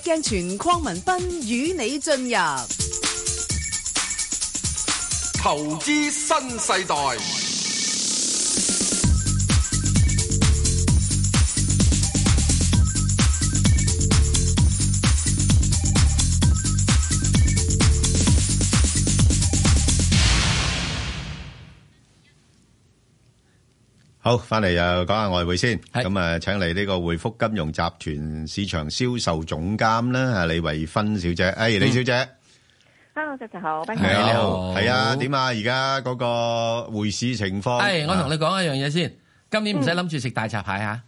鏡泉鄺文斌與你進入投資新世代。好，翻嚟又講下外匯先，咁啊，請嚟呢個匯福金融集團市場銷售總監啦，啊李慧芬小姐，哎李小姐，hello，大家好，歡迎你好，係啊，點啊？而家嗰個匯市情況，哎，我同你講一樣嘢先，今年唔使諗住食大閘蟹吓。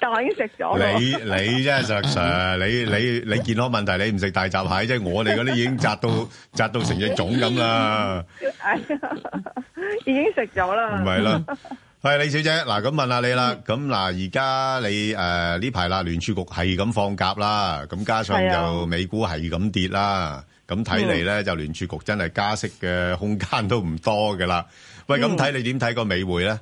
但係已經食咗。你你真係實實，你你你健康問題，你唔食大閘蟹啫。我哋嗰啲已經紮到紮到成隻粽咁啦。哎呀，已經食咗啦。唔係啦，係李小姐，嗱咁問下你啦。咁嗱，而家你誒呢排啦，聯儲局係咁放鴿啦，咁加上又美股係咁跌啦，咁睇嚟咧就聯儲局真係加息嘅空間都唔多嘅啦。喂，咁睇你點睇個美匯咧？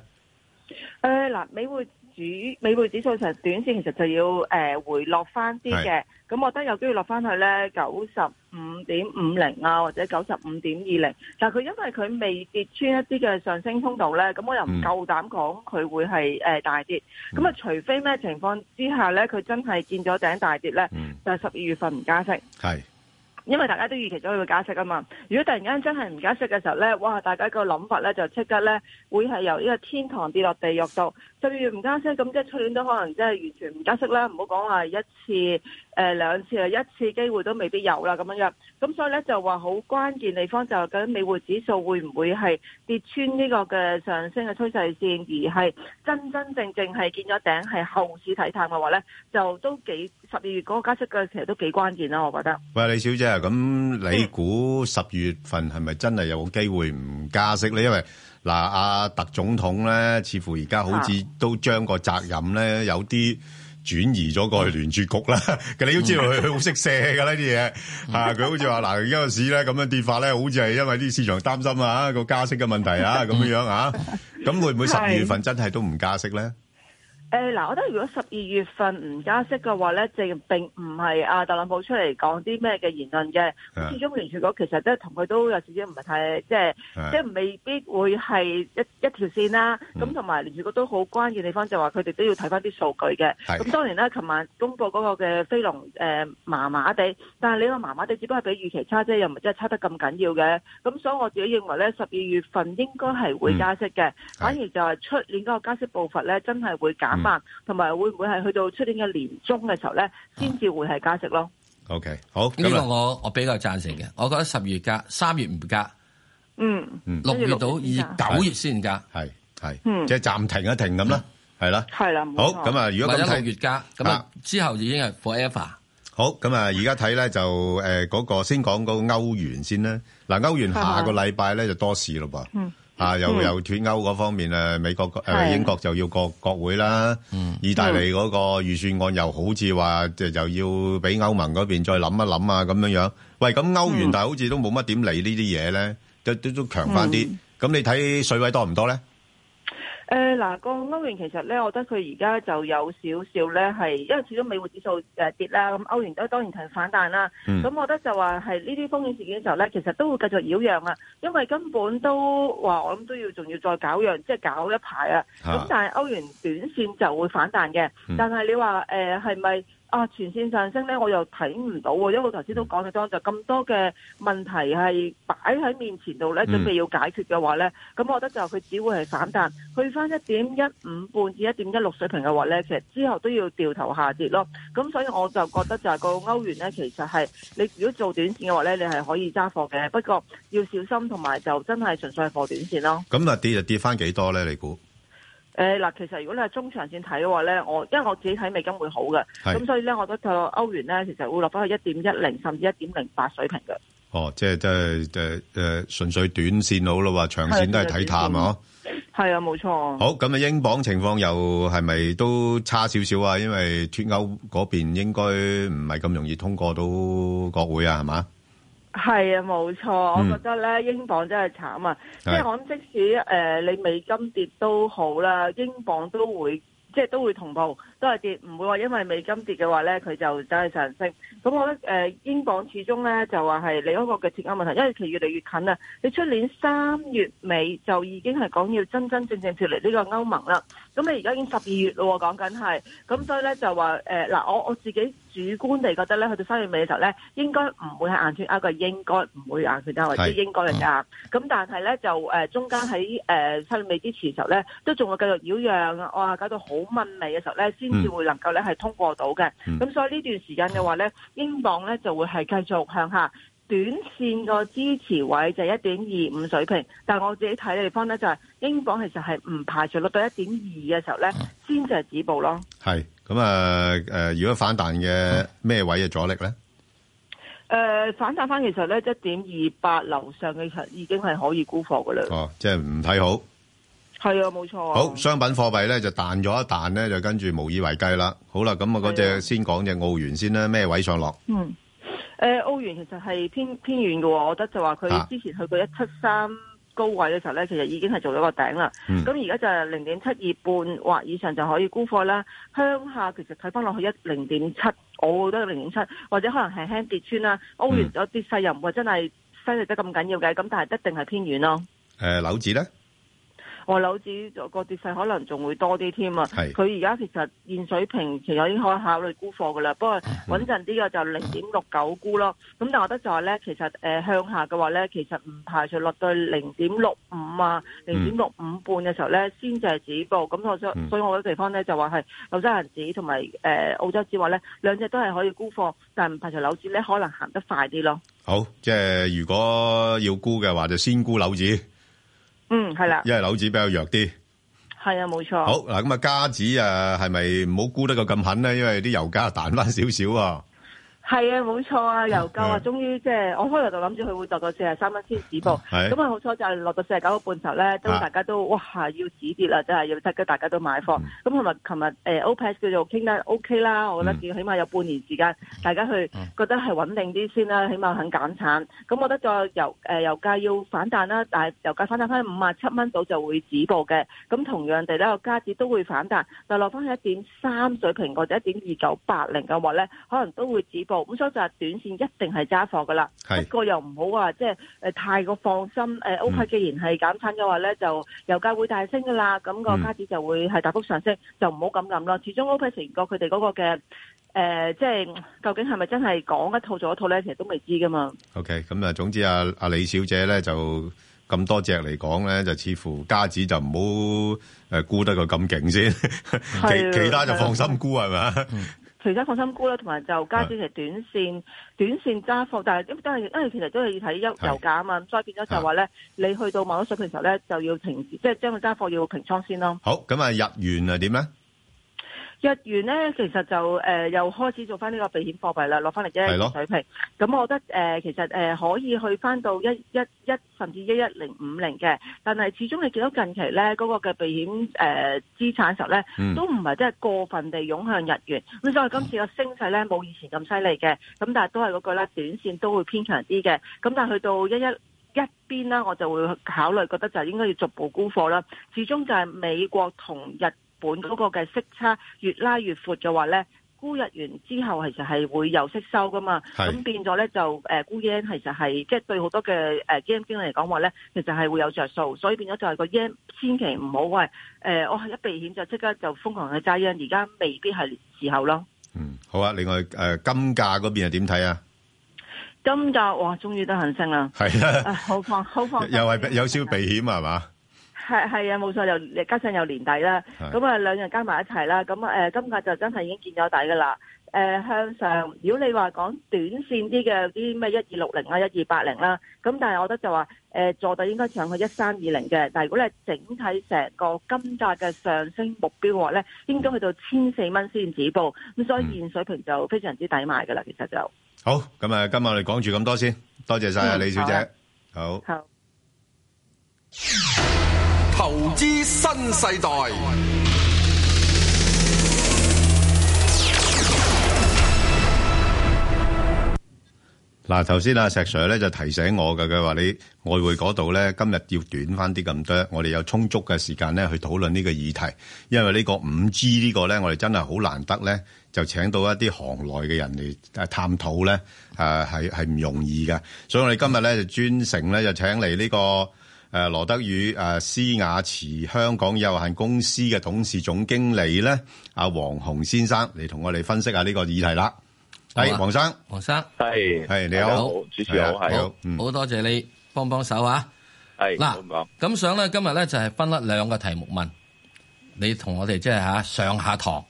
誒嗱，美匯。主美匯指數成短線，其實就要誒、呃、回落翻啲嘅。咁是我覺得有機會落翻去咧九十五點五零啊，或者九十五點二零。但係佢因為佢未跌穿一啲嘅上升通道咧，咁我又唔夠膽講佢會係、呃、大跌。咁啊、嗯，就除非咩情況之下咧，佢真係見咗頂大跌咧，嗯、就係十二月份唔加息。因為大家都預期咗佢會加息啊嘛，如果突然間真係唔加息嘅時候呢，哇！大家個諗法呢就即刻呢會係由呢個天堂跌落地獄度。十二月唔加息，咁即係出年都可能真係完全唔加息啦，唔好講話一次、呃、兩次啊，一次機會都未必有啦咁樣樣。咁所以咧就話好關鍵地方就係究竟美匯指數會唔會係跌穿呢個嘅上升嘅趨勢線，而係真真正正係見咗頂，係後市睇淡嘅話咧，就都幾十二月嗰個加息嘅其實都幾關鍵啦，我覺得。喂，李小姐啊，咁你估十二月份係咪真係有機會唔加息咧？因為嗱，阿特總統咧，似乎而家好似都將個責任咧有啲，轉移咗過去聯儲局啦，你都知道佢 好識射㗎啦呢啲嘢，嚇佢好似話嗱，而家個市咧咁樣跌法咧，好似係因為啲市場擔心啊個加息嘅問題啊咁 樣啊，咁會唔會十二月份真係都唔加息咧？誒嗱、欸，我覺得如果十二月份唔加息嘅話咧，即係並唔係阿特朗普出嚟講啲咩嘅言論嘅，始終的聯儲局其實都係同佢都有少少唔係太、就是、的即係，即係未必會係一一條線啦、啊。咁同埋聯儲局都好關鍵地方，就係話佢哋都要睇翻啲數據嘅。咁的當然啦，琴晚公布嗰個嘅非農誒，麻麻地，但係你話麻麻地，只不過係比預期差啫，又唔係真係差得咁緊要嘅。咁所以我自己認為咧，十二月份應該係會加息嘅，嗯、反而就係出年嗰個加息步伐咧，真係會減、嗯。同埋會唔會係去到出年嘅年中嘅時候咧，先至會係加息咯？OK，好，呢個我我比較贊成嘅，我覺得十月加，三月唔加，嗯，六月到二九月先加，係係，即係暫停一停咁啦，係啦，係啦，好咁啊！如果咁一個月加咁啊，之後已經係 forever。好咁啊，而家睇咧就誒嗰個先講嗰個歐元先啦。嗱，歐元下個禮拜咧就多事喇噃。啊！又又脫歐嗰方面、啊、美國、啊、英國就要國的國會啦，嗯、意大利嗰個預算案又好似話，就要俾歐盟嗰邊再諗一諗啊，咁樣樣。喂，咁歐元大好似都冇乜點理呢啲嘢咧，都都都強翻啲。咁、嗯、你睇水位多唔多咧？誒嗱，呃那個歐元其實咧，我覺得佢而家就有少少咧係，因為始終美匯指數、呃、跌啦，咁歐元都當然同反彈啦。咁、嗯、我覺得就話係呢啲風險事件嘅時候咧，其實都會繼續擾攘啊，因為根本都話我諗都要仲要再搞樣即係搞一排啊。咁但係歐元短線就會反彈嘅，但係你話係咪？呃係啊，全線上升咧，我又睇唔到喎、啊，因為我頭先都講咗，就咁多嘅問題係擺喺面前度咧，嗯、準備要解決嘅話咧，咁我覺得就佢只會係反彈，去翻一點一五半至一點一六水平嘅話咧，其實之後都要掉頭下跌咯。咁所以我就覺得就係個歐元咧，其實係你如果做短線嘅話咧，你係可以揸貨嘅，不過要小心，同埋就真係純粹係貨短線咯。咁啊，跌就跌翻幾多咧？你估？誒，嗱、呃，其實如果你係中長線睇嘅話咧，我因為我自己睇美金會好嘅，咁是所以咧，我覺得歐元咧，其實會落翻去一點一零甚至一點零八水平嘅。哦，即係即係誒誒，呃、純粹短線好啦，話長線都係睇淡嗬。係的啊，冇錯。好，咁啊，英鎊情況又係咪都差少少啊？因為脫歐嗰邊應該唔係咁容易通過到國會啊，係嘛？係啊，冇錯，我覺得咧，嗯、英鎊真係慘啊！即係我諗，即使誒、呃、你美金跌都好啦，英鎊都會即係都會同步都係跌，唔會話因為美金跌嘅話咧，佢就走去上升。咁我覺得誒、呃，英鎊始終咧就話係你嗰個嘅脫歐問題，因為其實越嚟越近啦。你出年三月尾就已經係講要真真正正脫離呢個歐盟啦。咁你而家已經十二月咯，講緊係，咁所以咧就話誒嗱，我我自己。主觀地覺得咧，去到三月尾嘅時候咧，應該唔會係硬脫歐嘅，應該唔會硬脫歐，或者是應該㗎。咁、嗯、但係咧，就誒中間喺誒三月尾之前時候咧，都仲會繼續擾攘，哇！搞到好悶味嘅時候咧，先至會能夠咧係通過到嘅。咁、嗯嗯、所以呢段時間嘅話咧，英鎊咧就會係繼續向下，短線個支持位就係一點二五水平。但係我自己睇嘅地方咧，就係、是、英鎊其實係唔排除落到一點二嘅時候咧，先至係止步咯。係。咁啊，誒、呃呃，如果反彈嘅咩位嘅阻力咧？誒、呃，反彈翻其實咧一點二八樓上嘅係已經係可以沽貨噶啦。哦，即係唔睇好。係啊，冇錯。好，商品貨幣咧就彈咗一彈咧，就跟住無以為繼啦。好啦，咁我嗰隻先講隻澳元先啦，咩位上落？嗯，誒、呃，澳元其實係偏偏遠嘅，我覺得就話佢之前去過一七三。高位嘅時候咧，其實已經係做咗個頂啦。咁而家就係零點七二半或以上就可以沽貨啦。向下其實睇翻落去一零點七，我覺得零點七或者可能係輕輕跌穿啦。歐元咗啲跌勢又唔會真係犀利得咁緊要嘅，咁但係一定係偏軟咯。誒、呃，紐指咧？我樓指個跌勢可能仲會多啲添啊！係。佢而家其實現水平其實已經可以考慮沽貨噶啦，不過穩陣啲嘅就零點六九沽咯。咁但我覺得就係咧，其實、呃、向下嘅話咧，其實唔排除落到零點六五啊、零點六五半嘅時候咧，嗯、先至係止步。咁我想，嗯、所以我嘅地方咧就話係紐西蘭指同埋誒澳洲指話咧，兩隻都係可以沽貨，但係唔排除樓指咧可能行得快啲咯。好，即係如果要沽嘅話，就先沽樓指。嗯，係啦，因為樓紙比較弱啲，係啊，冇錯。好嗱，咁啊，加紙啊，係咪唔好沽得佢咁狠咧？因為啲油價彈翻少少啊。係啊，冇錯啊，油價啊，終於即係、嗯、我開頭就諗住佢會落到四十三蚊先止步，咁、嗯、啊好彩就係落到四十九個半頭咧，都大家都哇要止跌啦，真係要得嘅，大家都買貨。咁同埋琴日誒 OPEC 叫做傾得 OK 啦，我覺得要起碼有半年時間，嗯、大家去、嗯、覺得係穩定啲先啦，起碼肯減產。咁我覺得再油、呃、油價要反彈啦，但係油價反彈翻五十七蚊度就會止步嘅。咁同樣地咧，個加值都會反彈，但落翻去一點三水平或者一點二九八零嘅話咧，可能都會止步。咁所以就係短線一定係揸貨噶啦，是不過又唔好話即係誒太過放心。呃、OPEC、嗯、既然係減產嘅話咧，就油價會大升噶啦，咁、個加仔就會係大幅上升，嗯、就唔好咁諗咯。始終 OPEC 成個佢哋嗰個嘅誒即係究竟係咪真係講一套做一套咧？其實都未知噶嘛。OK，咁、嗯、啊，總之啊，阿李小姐咧就咁多隻嚟講咧，就似乎加仔就唔好誒沽得佢咁勁先，的 其其他就放心沽係嘛。的吧除咗放心沽啦，同埋就加止，其短線，是短線揸貨，但係因為都係，因為其實都係要睇油油價啊嘛，咁是所以變咗就話咧，是你去到某一水平時候咧，就要停，即、就、係、是、將個揸貨要平倉先咯。好，咁啊，日元係點咧？日元咧，其實就誒、呃、又開始做翻呢個避險貨幣啦，落翻嚟嘅水平。咁的我覺得誒、呃、其實誒、呃、可以去翻到一一一甚至一一零五零嘅，但係始終你見到近期咧嗰、那個嘅避險誒資產時候咧，都唔係真係過分地湧向日元。咁所以今次個升勢咧冇以前咁犀利嘅，咁但係都係嗰句啦，短線都會偏強啲嘅。咁但係去到一一一邊啦，我就會考慮覺得就應該要逐步沽貨啦。始終就係美國同日。本嗰個嘅息差越拉越闊嘅話咧，沽日元之後其實係會有息收噶嘛，咁是變咗咧就誒沽 yen 其實係即係對好多嘅誒基金經理嚟講話咧，其實係會有着數，所以變咗就係個 yen 千祈唔好喂誒，我、呃哦、一避險就即刻就瘋狂去揸 yen，而家未必係時候咯。嗯，好啊，另外誒、呃、金價嗰邊係點睇啊？金價哇，終於都行升啦，係好放好放，又係有少少避險係嘛？ 是吧係係啊，冇錯，是又加上又年底啦，咁啊的，兩樣加埋一齊啦，咁誒，金價就真係已經見咗底噶啦。誒、呃，向上，如果你話講短線啲嘅啲咩一二六零啊一二八零啦，咁但係我覺得就話誒、呃，坐底應該上去一三二零嘅。但係如果你整體成個金價嘅上升目標嘅話咧，應該去到千四蚊先止步。咁所以現水平就非常之抵買噶啦，嗯、其實就好。咁啊，今日我哋講住咁多先，多謝晒啊，李小姐，嗯好，啊、好。好投資新世代。嗱，頭先阿石 Sir 咧就提醒我㗎，佢話你外匯嗰度咧，今日要短翻啲咁多，我哋有充足嘅時間咧去討論呢個議題。因為呢個五 G 呢個咧，我哋真係好難得咧，就請到一啲行內嘅人嚟探討咧，誒係係唔容易嘅。所以我哋今日咧就專程咧就請嚟呢個。誒羅德與施瓦茨香港有限公司嘅董事總經理咧，阿王鴻先生嚟同我哋分析一下呢個議題啦。係王、啊、生，王生係係你好，主持好，係好，好，好，好，好多謝你幫幫手啊。係嗱咁想咧，今日咧就係分得兩個題目問你、就是，同我哋即係嚇上下堂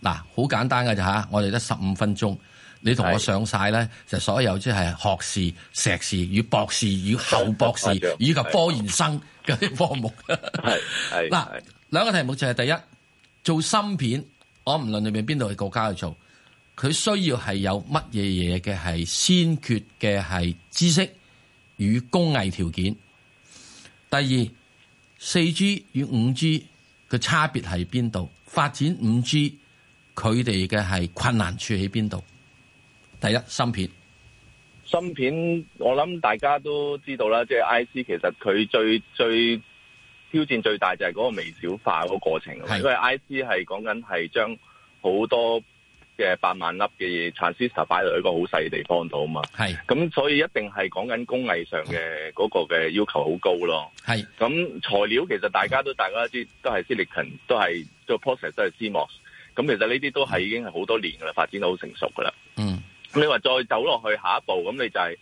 嗱，好、啊、簡單嘅啫吓，我哋得十五分鐘。你同我上晒咧，是就所有即係學士、碩士與博士與後博士以及科研生嘅啲科目。嗱， 兩個題目就係第一，做芯片，我唔論你邊度嘅國家去做，佢需要係有乜嘢嘢嘅係先決嘅係知識與工藝條件。第二，四 G 與五 G 嘅差別，係邊度？發展五 G，佢哋嘅係困難處喺邊度？第一，芯片。芯片，我諗大家都知道啦，即係 I C，其實佢最最挑戰最大就係嗰個微小化嗰個過程。是因為 I C 係講緊係將好多嘅八萬粒嘅嘢 transistor 擺落去一個好細嘅地方度啊嘛。係是，咁所以一定係講緊工藝上嘅嗰個嘅要求好高咯。係是，咁材料其實大家都大家都知道都係 silicon，都係做 process 都係 CMOS。咁其實呢啲都係已經係好多年噶啦，發展到好成熟噶啦。嗯。咁你話再走落去下一步，咁你就係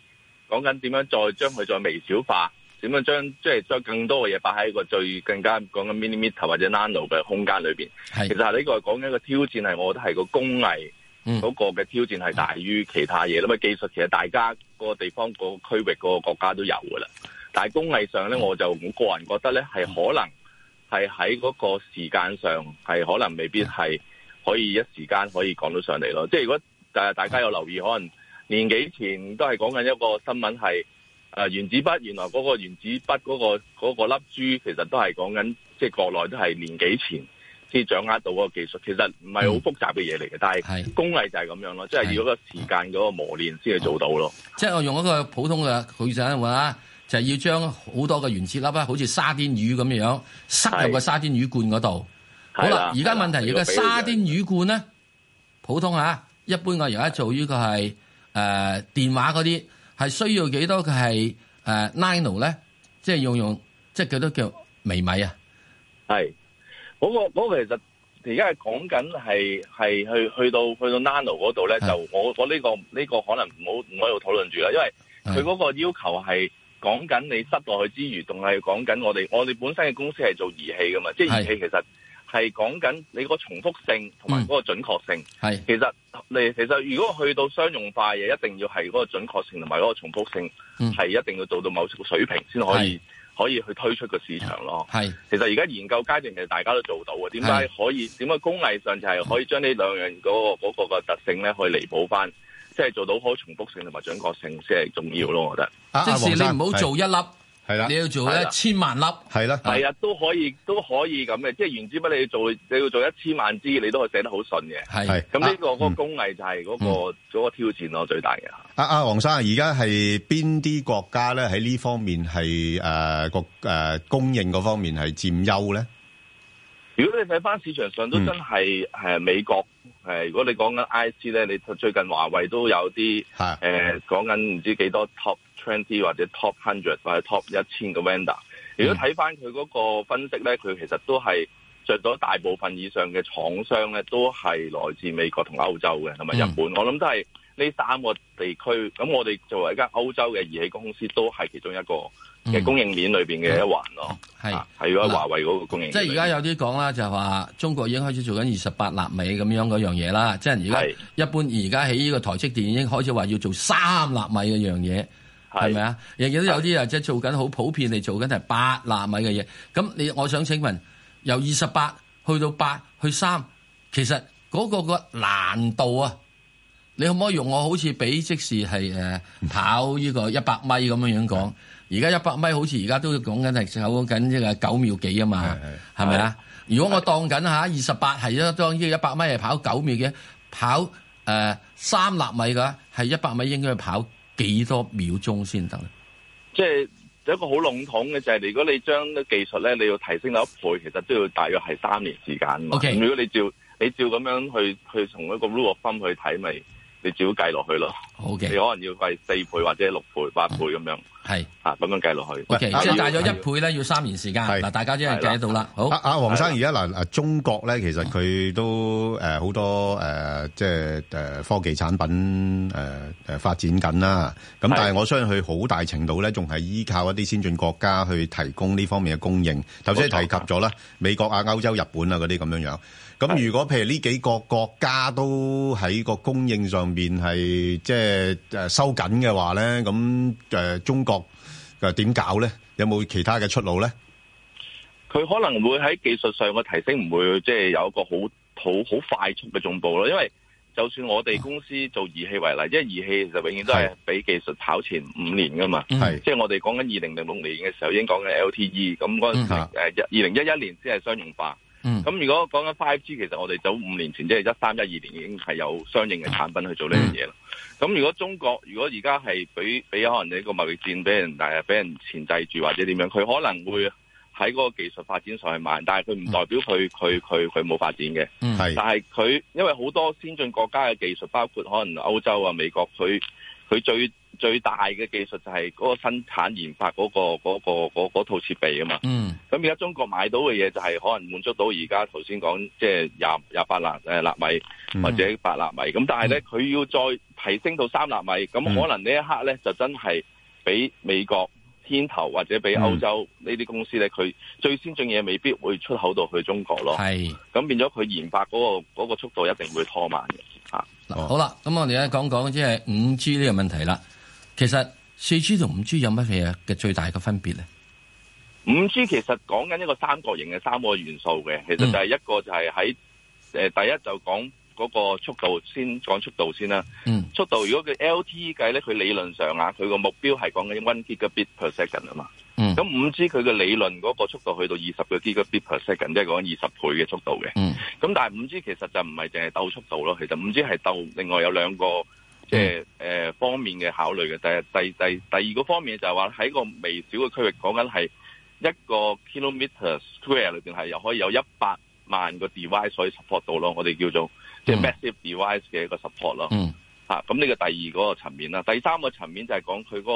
講緊點樣再將佢再微小化，點樣將即係將更多嘅嘢擺喺一個最更加講緊 mini meter 或者 nano 嘅空間裏面。是其實係呢個講緊個挑戰係，我覺得係個工藝嗰個嘅挑戰係大於其他嘢。咁啊、嗯、技術其實大家、嗰個地方、嗰個區域、嗰個國家都有噶啦，但係工藝上咧，我就我個人覺得咧，係可能係喺嗰個時間上係可能未必係可以一時間可以講到上嚟咯。即係如果但係大家有留意，可能年幾前都係講緊一個新聞，係誒原子筆。原來嗰個原子筆嗰個嗰粒珠，其實都係講緊即係國內都係年幾前先掌握到嗰個技術。其實唔係好複雜嘅嘢嚟嘅，但係工藝就係咁樣咯，即係要嗰個時間嗰個磨練先係做到咯。即係我用一個普通嘅舉例，係嘛？就係要將好多嘅原子粒啊，好似沙甸魚咁樣塞入個沙甸魚罐嗰度。好啦。而家問題而家沙甸魚罐咧，普通呀。一般我而家做呢個係誒電話嗰啲，係需要幾多嘅係誒 nano 咧？即係用用即係幾多叫微米啊？係嗰個嗰個其實而家係講緊係係去去到去到 nano 嗰度咧，是就我我，呢個呢個可能好唔喺度討論住啦，因為佢嗰個要求係講緊你塞落去之餘，仲係講緊我哋我哋本身嘅公司係做儀器噶嘛，即係是儀器其實。係講緊你個重複性同埋嗰個準確性係，嗯、其實你其實如果去到商用化嘢一定要係嗰個準確性同埋嗰個重複性係、嗯、一定要做到某個水平先可以是可以去推出個市場咯。係，其實而家研究階段其實大家都做到嘅，點解可以？點解是工藝上就係可以將呢兩樣嗰個嗰個、嗯、個特性咧去彌補翻，即、就、係、是、做到可重複性同埋準確性先係重要咯。我覺得，即係、啊啊、你唔好做一粒。係啦，係你要做一千萬粒，係啦，係啊，都可以，都可以咁嘅，即係原子筆你做，你要做一千萬支，你都係寫得好順嘅。係的，咁呢、這個、啊工藝那個工藝就係嗰個嗰個挑戰咯，最大嘅，吓、啊。啊阿王生，而家係邊啲國家咧喺呢方面係誒個誒供應嗰方面係佔優咧？如果你睇翻市場上都真係、嗯、美國，如果你講緊 IC 咧，你最近華為都有啲誒講緊唔知幾多 Top Twenty 或者 Top Hundred 或者 Top 一千嘅 vendor。如果睇翻佢嗰個分析咧，佢其實都係着咗大部分以上嘅廠商咧，都係來自美國同歐洲嘅同埋日本。嗯、我諗都係呢三個地區。咁我哋作為一間歐洲嘅儀器公司，都係其中一個。嘅供應鏈裏邊嘅一環咯，係，係如果華為嗰個供應鏈面，即係而家有啲講啦，就係話中國已經開始做緊二十八納米咁樣嗰樣嘢啦，即係而家一般而家喺呢個台積電已經開始話要做三納米嗰樣嘢，係咪啊？亦都吧有啲啊，即係做緊好普遍你做緊係八納米嘅嘢，咁你我想請問由二十八去到八去三，其實嗰、嗰個、嗰個難度啊？你可唔可以用我好似比即時係係誒跑呢個一百米咁樣講？而家一百米好似而家都要講緊係走緊即係九秒幾啊嘛？係咪啊？吧嗯、如果我當緊吓二十八係一當呢個一百米係跑九秒幾，跑誒三納米嘅係一百米應該要跑幾多秒鐘先得咧？即係、就係、有一個好籠統嘅就係，如果你將啲技術咧你要提升到一倍，其實都要大約係三年時間啊嘛。Okay. 如果你照你照咁樣去去從一個 l o o 分去睇咪？你只好計落去咯。好嘅，Okay. 你可能要貴四倍或者六倍八倍咁樣，係啊咁樣計落去。即係 Okay, 要大咗一倍咧，要三年時間。嗱是，大家已經計到啦。的好，阿、啊、王生而家嗱，中國咧其實佢都誒好多誒，即係誒科技產品誒誒發展緊啦。咁的但係我相信佢好大程度咧，仲係依靠一啲先進國家去提供呢方面嘅供應。頭先提及咗啦，美國啊、歐洲、日本啊嗰啲咁樣樣。咁如果譬如呢幾個國家都喺個供應上邊係即係。誒誒，收緊嘅話咧，咁誒，中國嘅點搞咧？有冇其他嘅出路咧？佢可能會喺技術上嘅提升，唔會即係有一個好好好快速嘅進步咯。因為就算我哋公司做儀器為例，因為儀器就永遠都係比技術跑前五年噶嘛。係的即係我哋講緊二零零六年嘅時候，已經講緊 LTE，咁嗰時誒二零一一年先係商用化。咁、嗯、如果講緊 Five G，其實我哋早五年前即係一三一二年已經係有相應嘅產品去做呢樣嘢啦。咁、嗯、如果中國如果而家係俾俾可能你個貿易戰俾人，但係俾人鉗制住或者點樣，佢可能會喺嗰個技術發展上去慢，但係佢唔代表佢佢佢佢冇發展嘅。嗯、係、但係佢因為好多先進國家嘅技術，包括可能歐洲啊、美國，佢佢最。最大嘅技術就係嗰個生產研發嗰、那個嗰、那個那個、套設備啊嘛，咁而家中國買到嘅嘢就係可能滿足到而家頭先講，即係廿廿八納誒納米或者八納米，咁、嗯、但係咧佢要再提升到三納米，咁可能呢一刻咧、嗯、就真係俾美國牽頭或者俾歐洲呢啲公司咧，佢最先進嘢未必會出口到去中國咯，咁是變咗佢研發嗰、那個那個速度一定會拖慢嘅嚇。嗯、好啦吧，咁我哋而家講講即係五 G 呢個問題啦。其實四 G 同五 G 有乜嘢嘅最大嘅分別咧？五 G 其實講緊一個三角形嘅三個元素嘅，其實就係一個就係喺誒第一就講嗰個速度，先講速度先啦。嗯、速度如果佢 LTE 計咧，佢理論上啊，佢個目標係講緊 one gigabit per second 啊嘛、嗯。咁五 G 佢嘅理論嗰個速度去到二十個 gigabit per second，即係講二十倍嘅速度嘅。咁、嗯、但係五 G 其實就唔係淨係鬥速度咯，其實五 G 係鬥另外有兩個。即係誒方面嘅考慮嘅，就第第第二個方面就係話喺個微小嘅區域講緊係一個 kilometers square 裏邊係又可以有一百萬個 device 可以 support 到咯，我哋叫做即係 massive device 嘅一個 support 咯。嗯。嚇，咁呢個第二個層面啦，第三個層面就係講佢個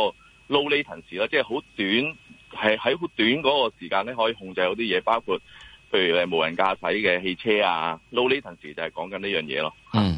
low latency 啦，即係好短，係喺好短個時間咧可以控制到啲嘢，包括譬如誒無人駕駛嘅汽車啊，low latency 就係講緊呢樣嘢咯。嗯。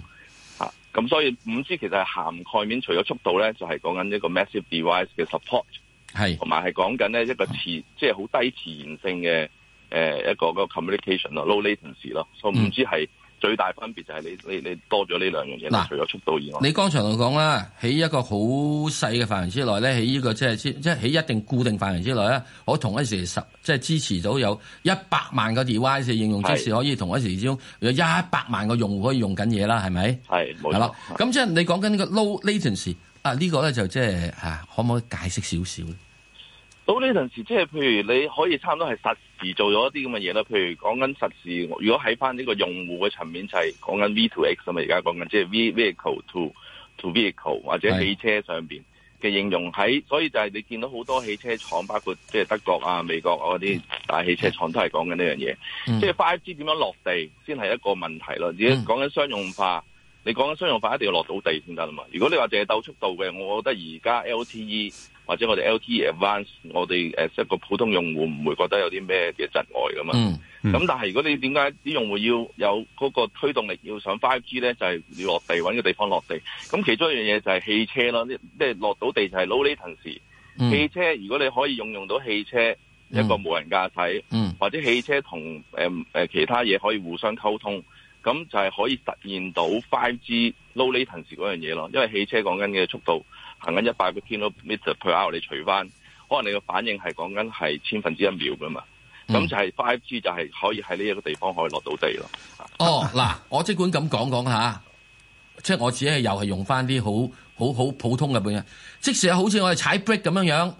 咁所以五 G 其實係涵蓋面，除咗速度咧，就係講緊一個 massive device 嘅 support，同埋係是講緊咧一個遲，即係好低自然性嘅誒一個個 communication 咯，low latency 咯，所以五 G 係。嗯最大分別就係你你你多咗呢兩樣嘢啦。嗱，除咗速度以外，你剛才我講啦，喺一個好細嘅範圍之內咧，喺呢個即係即係喺一定固定範圍之內咧，我同一時十即係支持到有一百萬個 DYC 應用支持，係可以同一時之中有一百萬個用戶可以用緊嘢啦，係咪？係，冇錯。咁係嘅、係嘅，即係你講緊呢個 low latency 啊，呢、呢個咧就即係、啊、可唔可以解釋少少？到呢陣時，即係譬如你可以差唔多係實時做咗一啲咁嘅嘢啦。譬如講緊實時，如果喺翻呢個用戶嘅層面就係講緊 V to X 咁嘛，而家講緊即係 Vehicle to to Vehicle 或者汽車上面嘅應用喺，所以就係你見到好多汽車廠，包括即係德國啊、美國啊嗰啲大汽車廠都係講緊呢樣嘢。嗯、即係快 g 點樣落地先係一個問題咯。而家講緊商用化，你講緊商用化一定要落到地先得啊嘛。如果你話淨係鬥速度嘅，我覺得而家 LTE。或者我哋 LTE Advance，我哋誒一個普通用戶唔會覺得有啲咩嘅障礙噶嘛。咁、嗯嗯、但係如果你點解啲用戶要有嗰個推動力要上 5G 咧，就係、是、要落地揾個地方落地。咁其中一樣嘢就係汽車咯，即係落到地就係 low latency。嗯、汽車如果你可以用用到汽車、嗯、一個無人駕駛、嗯、或者汽車同誒誒其他嘢可以互相溝通，咁就係可以實現到 5G low latency 嗰樣嘢咯。因為汽車講緊嘅速度。行緊一百個 km per hour，你除翻，可能你嘅反應係講緊係千分之一秒噶嘛。咁、嗯、就係 five G 就係可以喺呢一個地方可以落到地咯。哦，嗱， 我即管咁講講下，即係我自己又係用翻啲好好好普通嘅本，即使好似我哋踩 brake 咁樣樣，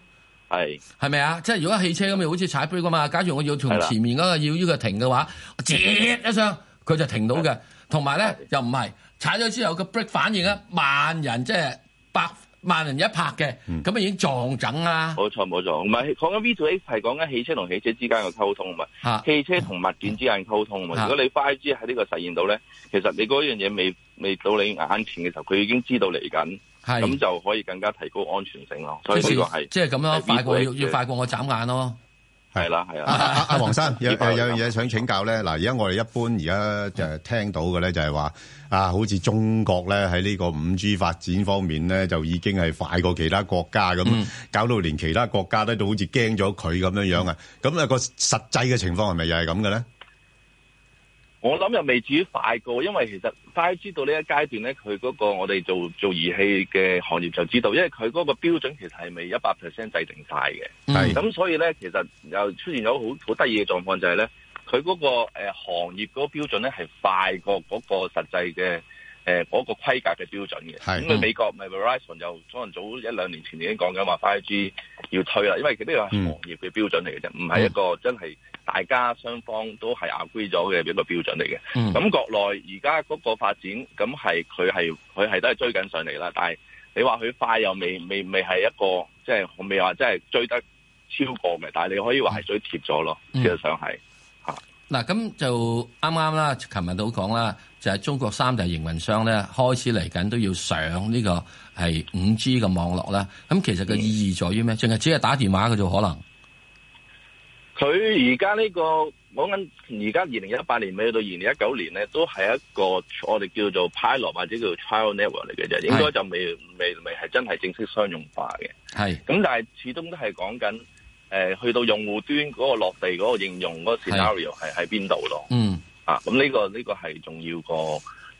係係咪啊？即係如果汽車咁，樣好似踩 brake 噶嘛。假如我要從前面嗰個要呢個停嘅話，折的一聲，佢就停到嘅。同埋咧又唔係踩咗之後，個 brake 反應呢，萬人即係百。萬人一拍嘅，咁啊、嗯、已經撞整啦。冇錯冇錯，唔係講緊 V2X 係講緊汽車同汽車之間嘅溝通啊嘛。汽車同物件之間溝通啊嘛。如果你快 g 喺呢個實現到咧，啊、其實你嗰樣嘢未未到你眼前嘅時候，佢已經知道嚟緊，咁是就可以更加提高安全性咯。所以呢個係即係咁樣，快過要要快過我眨眼咯。係啦，係啊！阿王生有有樣嘢想請教咧。嗱，而家我哋一般而家就係聽到嘅咧，就係話啊，好似中國咧喺呢個五 G 發展方面咧，就已經係快過其他國家咁，搞到連其他國家咧都好似驚咗佢咁樣樣啊！咁啊個實際嘅情況係咪又係咁嘅咧？我諗又未至於快過，因為其實快知道呢一階段咧，佢嗰個我哋做做儀器嘅行業就知道，因為佢嗰個標準其實係未一百 percent 制定晒嘅。咁是，所以咧其實又出現咗好好得意嘅狀況，就是，就係咧佢嗰個、呃、行業嗰個標準咧係快過嗰個實際嘅。誒，嗰、呃那個規格嘅標準嘅，咁佢、嗯、美國咪、就是、Verizon 又可能早一兩年前已經講緊話 5G 要推啦，因為佢呢個係行業嘅標準嚟嘅啫，唔係、嗯、一個真係大家雙方都係 agree 咗嘅一個標準嚟嘅。咁、嗯、國內而家嗰個發展，咁係佢係佢係都係追緊上嚟啦。但係你話佢快又未未未係一個，即、就、係、是、未話即係追得超過嘅。但係你可以話係追貼咗咯，即係、嗯、其實上係吓。嗱、嗯，咁就啱啱啦，琴日都講啦。就係中國三大營運商咧，開始嚟緊都要上呢個係五 G 嘅網絡啦。咁其實個意義在於咩？淨係、嗯、只係打電話，嘅就可能。佢而家呢個講緊，而家二零一八年尾到二零一九年咧，都係一個我哋叫做 pilot 或者叫 trial network 嚟嘅啫，應該就未是未未係真係正式商用化嘅。咁是但係始終都係講緊，誒去到用戶端嗰個落地嗰個應用嗰個 scenario 係喺邊是度咯？嗯。咁呢、啊，這個呢、這個係重要個，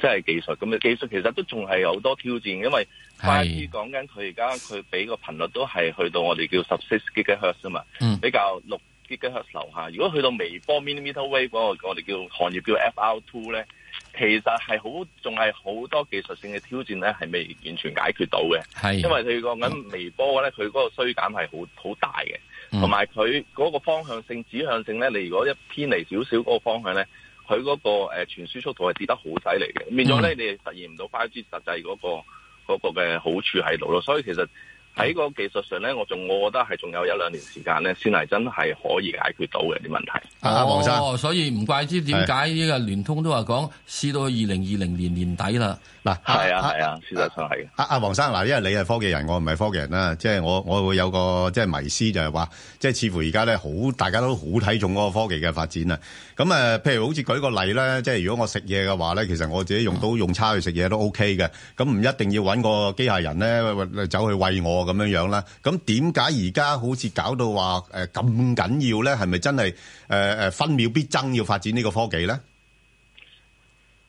即係技術咁啊。技術其實都仲係有好多挑戰，因為反正講緊佢而家佢俾個頻率都係去到我哋叫十 six gigahertz 啊嘛，比較六 gigahertz 樓下。如果去到微波 （millimeter wave） 嗰個我哋叫行業叫 FR2 呢，其實係好仲係好多技術性嘅挑戰呢，係未完全解決到嘅。是因為佢講緊微波呢，佢嗰、嗯、個衰減係好好大嘅，同埋佢嗰個方向性指向性呢，你如果一偏離少少嗰個方向呢。佢嗰個誒傳輸速度係跌得好犀利嘅，變咗咧你係實現唔到 5G 實際嗰個嗰個嘅好處喺度咯，所以其實。喺個技術上咧，我仲我覺得係仲有一兩年時間咧，先係真係可以解決到嘅啲問題。阿王生，哦，所以唔怪之點解呢個聯通都話講試到二零二零年年底啦。嗱，係啊係啊，啊啊啊啊事實上係。阿阿、啊啊、王生嗱，因為你係科技人，我唔係科技人啦，即係我我會有個即係迷思就係話，即係似乎而家咧好大家都好睇重嗰個科技嘅發展啦。咁譬如好似舉個例啦，即係如果我食嘢嘅話咧，其實我自己用刀用叉去食嘢都 OK 嘅，咁唔一定要揾個機械人咧走去餵我。咁樣樣啦，咁點解而家好似搞到話誒咁緊要咧？係咪真係誒誒分秒必爭要發展呢個科技咧？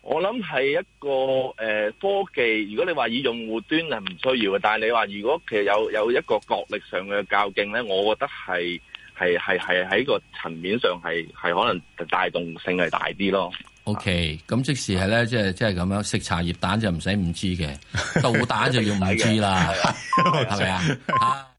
我諗係一個誒科技，如果你話以用戶端係唔需要嘅，但係你話如果其實有有一個角力上嘅較勁咧，我覺得係係係係喺個層面上係係可能帶動性係大啲咯。O K，咁即時係咧，即係即係咁樣，食茶葉蛋就唔使五 G 嘅，導彈就要五 G 啦，係咪啊？